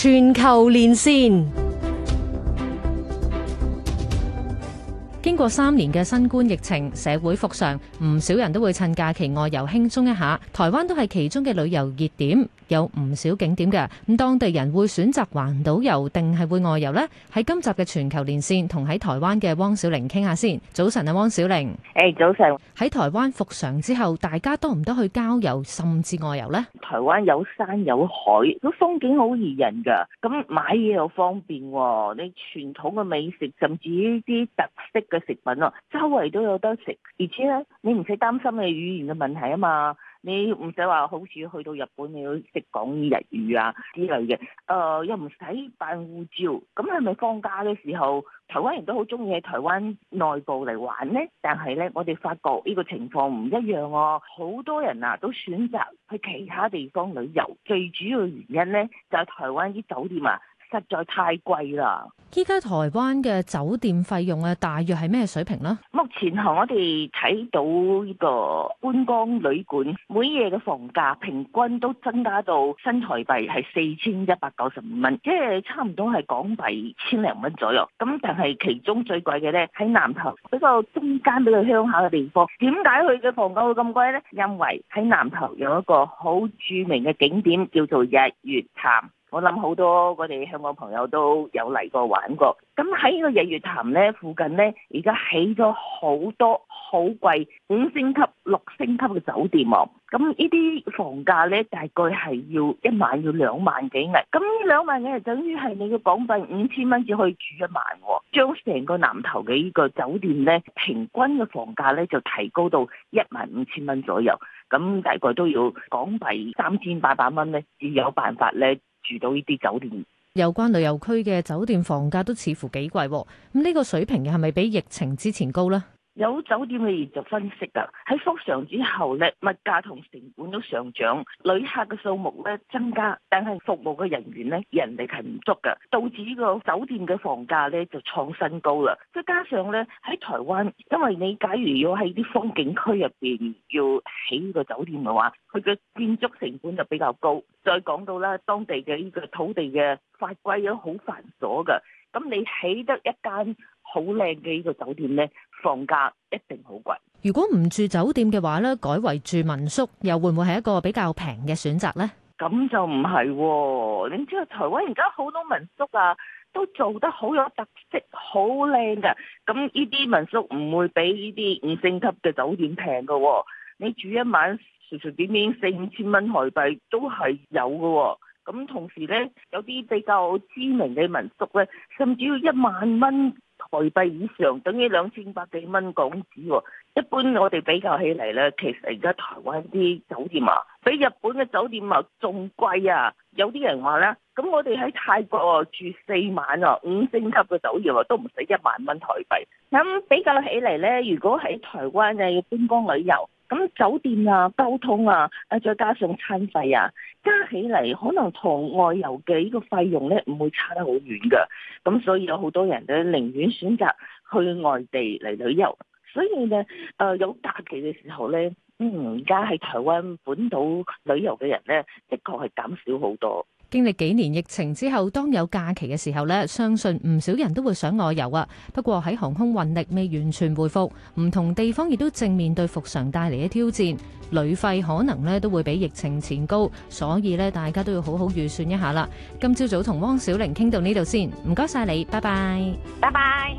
全球連線，經過三年嘅新冠疫情，社會復常，唔少人都會趁假期外遊輕鬆一下。台灣都係其中嘅旅遊熱點。有唔少景點嘅，咁當地人會選擇環島遊定係會外遊咧？喺今集嘅全球連線，同喺台灣嘅汪小玲傾下先。早晨啊，汪小玲。誒，早晨。喺台灣復常之後，大家多唔多去郊遊，甚至外遊咧？台灣有山有海，都風景好宜人噶。咁買嘢又方便，你傳統嘅美食，甚至呢啲特色嘅食品啊，周圍都有得食。而且咧，你唔使擔心你語言嘅問題啊嘛。你唔使話好似去到日本你要識講日語啊之類嘅，誒、呃、又唔使辦護照，咁係咪放假嘅時候台灣人都好中意喺台灣內部嚟玩呢？但係呢，我哋發覺呢個情況唔一樣啊、哦。好多人啊都選擇去其他地方旅遊，最主要嘅原因呢，就係、是、台灣啲酒店啊。實在太貴啦！依家台灣嘅酒店費用啊，大約係咩水平呢？目前我哋睇到呢個觀光旅館，每夜嘅房價平均都增加到新台幣係四千一百九十五蚊，即係差唔多係港幣千零蚊左右。咁但係其中最貴嘅呢，喺南投比較中間、比較鄉下嘅地方，點解佢嘅房價會咁貴呢？因為喺南投有一個好著名嘅景點叫做日月潭。我諗好多我哋香港朋友都有嚟過玩過，咁喺呢個日月潭呢附近呢，而家起咗好多好貴五星級、六星級嘅酒店啊！咁呢啲房價呢，大概係要一萬要兩萬幾銀。咁呢兩萬幾係等於係你嘅港幣五千蚊只可以住一晚，將成個南投嘅呢個酒店呢，平均嘅房價呢，就提高到一萬五千蚊左右。咁大概都要港幣三千八百蚊呢，至，有辦法呢。住到呢啲酒店，有關旅遊區嘅酒店房價都似乎幾貴喎。咁呢個水平嘅係咪比疫情之前高呢？有酒店嘅業界分析噶，喺復常之後咧，物價同成本都上漲，旅客嘅數目咧增加，但係服務嘅人員咧人力係唔足噶，導致呢個酒店嘅房價咧就創新高啦。再加上咧喺台灣，因為你假如要喺啲風景區入邊要起呢個酒店嘅話，佢嘅建築成本就比較高。再講到啦，當地嘅呢個土地嘅法規都好繁瑣噶，咁你起得一間好靚嘅呢個酒店咧？房價一定好貴。如果唔住酒店嘅話咧，改為住民宿，又會唔會係一個比較平嘅選擇呢？咁就唔係喎，你知道台灣而家好多民宿啊，都做得好有特色，好靚噶。咁呢啲民宿唔會比呢啲五星級嘅酒店平噶喎。你住一晚，隨隨便便四五千蚊台幣都係有噶喎。咁同時呢，有啲比較知名嘅民宿呢，甚至要一萬蚊。台幣以上，等於兩千百幾蚊港紙喎。一般我哋比較起嚟咧，其實而家台灣啲酒店啊，比日本嘅酒店啊仲貴啊。有啲人話咧，咁我哋喺泰國住四晚啊，五星級嘅酒店啊，都唔使一萬蚊台幣。咁比較起嚟咧，如果喺台灣就係觀光旅遊。咁酒店啊、交通啊、誒，再加上餐費啊，加起嚟可能同外遊嘅呢個費用咧，唔會差得好遠㗎。咁所以有好多人都寧願選擇去外地嚟旅遊。所以咧，誒有假期嘅時候咧，嗯，而家喺台灣本島旅遊嘅人咧，的確係減少好多。經歷幾年疫情之後，當有假期嘅時候咧，相信唔少人都會想外遊啊。不過喺航空運力未完全恢復，唔同地方亦都正面對復常帶嚟嘅挑戰，旅費可能咧都會比疫情前高，所以咧大家都要好好預算一下啦。今朝早同汪小玲傾到呢度先，唔該晒你，拜拜，拜拜。